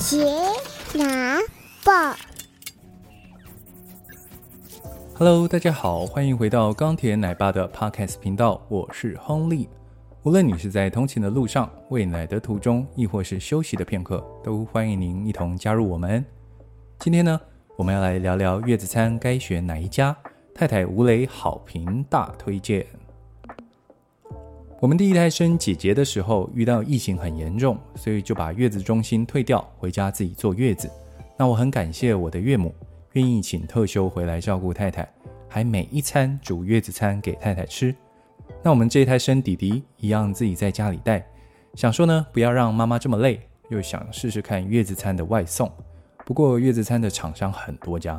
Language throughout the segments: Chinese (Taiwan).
《杰拿報》Hello，大家好，歡迎回到鋼鐵奶爸的 Podcast 頻道，我是亨利。無論你是在通勤的路上、餵奶的途中，亦或是休息的片刻，都歡迎您一同加入我們。今天呢，我們要來聊聊月子餐該選哪一家，太太無雷好評大推薦。我們第一胎生姐姐的時候，遇到疫情很嚴重，所以就把月子中心退掉，回家自己坐月子。那我很感謝我的岳母，願意請特休回來照顧太太，還每一餐煮月子餐給太太吃。那我們這一胎生弟弟一樣自己在家裡帶，想說呢，不要讓媽媽這麼累，又想試試看月子餐的外送。不過月子餐的廠商很多家，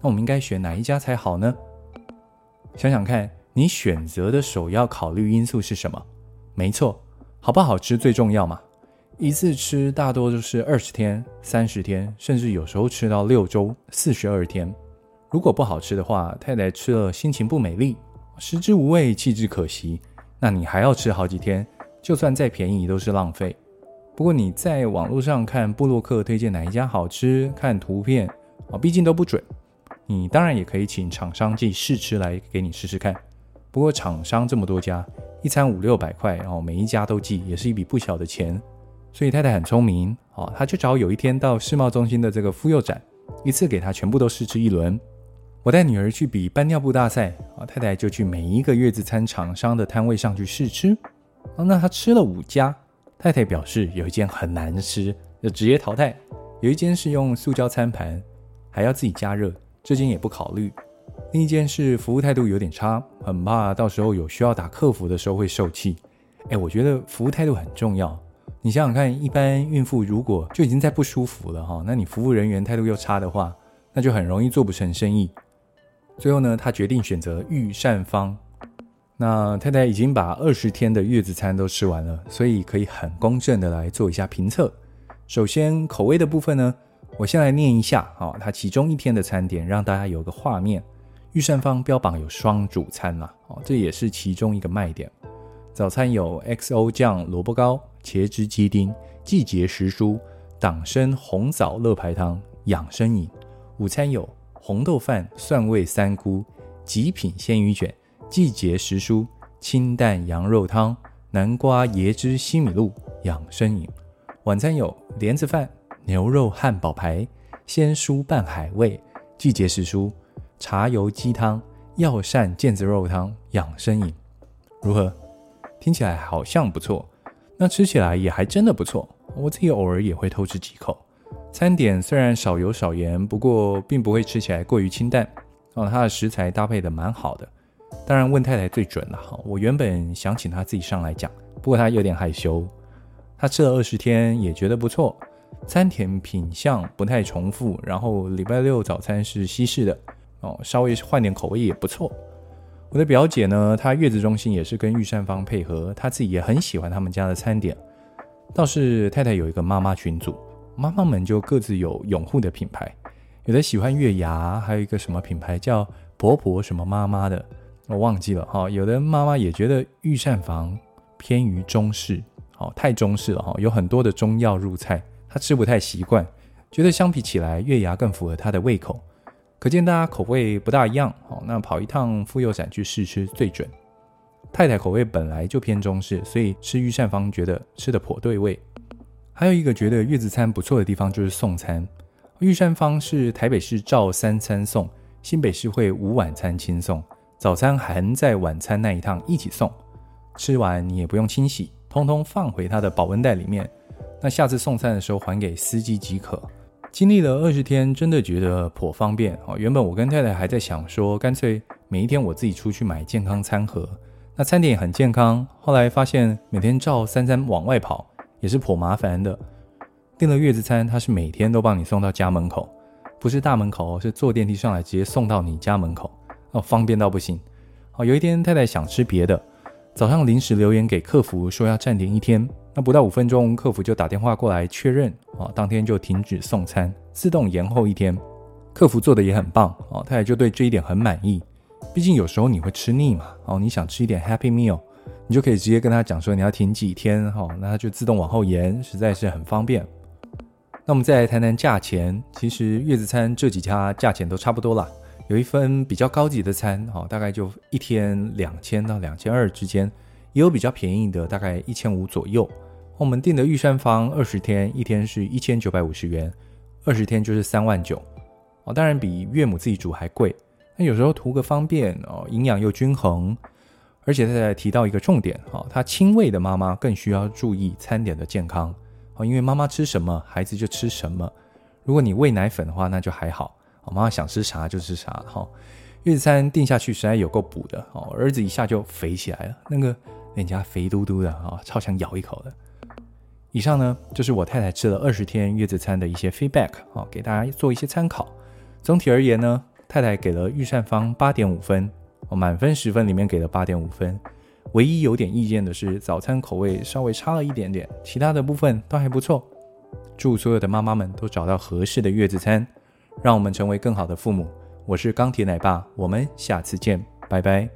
那我們應該選哪一家才好呢？想想看。你選擇的首要考慮因素是什麼？沒錯，好不好吃最重要嘛。一次吃大多都是二十天、三十天，甚至有時候吃到六周、四十二天。如果不好吃的話，太太吃了心情不美麗，食之無味，棄之可惜。那你還要吃好幾天，就算再便宜都是浪費。不過你在網絡上看部落客推薦哪一家好吃，看圖片啊，畢竟都不準。你當然也可以請廠商自己試吃來給你試試看。不過廠商這麼多家，一餐五六百塊，哦，每一家都寄，也是一筆不小的錢。所以太太很聰明，哦，她就找有一天到世貿中心的這個婦幼展，一次給她全部都試吃一輪。我帶女兒去比搬尿布大賽，啊，哦，太太就去每一個月子餐廠商的攤位上去試吃。哦，那她吃了五家，太太表示有一間很難吃，就直接淘汰。有一間是用塑膠餐盤，還要自己加熱，這間也不考慮。另一件事，服務態度有點差，很怕到時候有需要打客服的時候會受氣。哎、欸，我覺得服務態度很重要。你想想看，一般孕婦如果就已經在不舒服了哈，那你服務人員態度又差的話，那就很容易做不成生意。最後呢，他決定選擇御膳坊。那太太已經把二十天的月子餐都吃完了，所以可以很公正的來做一下評測。首先，口味的部分呢，我先來念一下啊，它其中一天的餐點，讓大家有個畫面。御膳坊標榜有雙主餐啦，哦，這也是其中一個賣點。早餐有 XO 醬蘿蔔糕、茄汁雞丁、季節時蔬、黨參紅棗樂排湯、養生飲；午餐有紅豆飯、蒜味三菇、極品鮮魚卷、季節時蔬、清淡羊肉湯、南瓜椰汁西米露、養生飲；晚餐有蓮子飯、牛肉漢堡排、鮮蔬拌海味、季節時蔬。茶油雞湯、藥膳腱子肉湯、養生飲，如何？聽起來好像不錯。那吃起來也還真的不錯。我自己偶爾也會偷吃幾口。餐點雖然少油少鹽，不過並不會吃起來過於清淡。哦，它的食材搭配得蠻好的。當然，問太太最準了哈。我原本想請她自己上來講，不過她有點害羞。她吃了二十天也覺得不錯。餐點品相不太重複。然後禮拜六早餐是西式的。哦，稍微換點口味也不錯。我的表姐呢，她月子中心也是跟御膳房配合，她自己也很喜歡他們家的餐點。倒是太太有一個媽媽群組，媽媽們就各自有擁護的品牌，有的喜歡月牙，還有一個什麼品牌叫婆婆什麼媽媽的，我忘記了哈。有的媽媽也覺得御膳房偏於中式，哦，太中式了哈，有很多的中藥入菜，她吃不太習慣，覺得相比起來月牙更符合她的胃口。可見大家口味不大一樣，哦，那跑一趟婦幼展去試吃最準。太太口味本來就偏中式，所以吃御膳房，覺得吃得頗對味。還有一個覺得月子餐不錯的地方就是送餐，御膳房是台北市照三餐送，新北市會午晚餐清送，早餐含在晚餐那一趟一起送，吃完你也不用清洗，通通放回它的保溫袋裡面，那下次送餐的時候還給司機即可。經歷了二十天，真的覺得頗方便哦。原本我跟太太還在想說，乾脆每一天我自己出去買健康餐盒，那餐點也很健康。後來發現每天照三餐往外跑，也是頗麻煩的。訂了月子餐，他是每天都幫你送到家門口，不是大門口，是坐電梯上來直接送到你家門口，哦，方便到不行。哦，有一天太太想吃別的。早上臨時留言給客服說要暫停一天，那不到五分鐘，客服就打電話過來確認，啊、哦，當天就停止送餐，自動延後一天。客服做得也很棒，哦，他也就對這一點很滿意。畢竟有時候你會吃膩嘛，哦，你想吃一點 Happy Meal，你就可以直接跟他講說你要停幾天，哈、哦，那他就自動往後延，實在是很方便。那我們再來談談價錢，其實月子餐這幾家價錢都差不多了。有一份比較高級的餐，哈、哦，大概就一天兩千到兩千二之間，也有比較便宜的，大概一千五左右。我們訂的預算方二十天，一天是一千九百五十元，二十天就是三萬九。哦，當然比岳母自己煮還貴。那有時候圖個方便哦，營養又均衡。而且他再提到一個重點，哈、哦，他親餵的媽媽更需要注意餐點的健康，哦，因為媽媽吃什麼，孩子就吃什麼。如果你餵奶粉的話，那就還好。媽媽想吃啥就吃啥，哈、哦，月子餐定下去實在有夠補的，哦，兒子一下就肥起來了，那個臉頰肥嘟嘟，嘟的啊、哦，超想咬一口的。以上呢就是我太太吃了二十天月子餐的一些 feedback，哦，給大家做一些參考。總體而言呢，太太給了御膳坊八點五分，哦，滿分十分裡面給了八點五分，唯一有點意見的是早餐口味稍微差了一點點，其他的部分都還不錯。祝所有的媽媽們都找到合適的月子餐。讓我們成為更好的父母。我是鋼鐵奶爸，我們下次見，拜拜。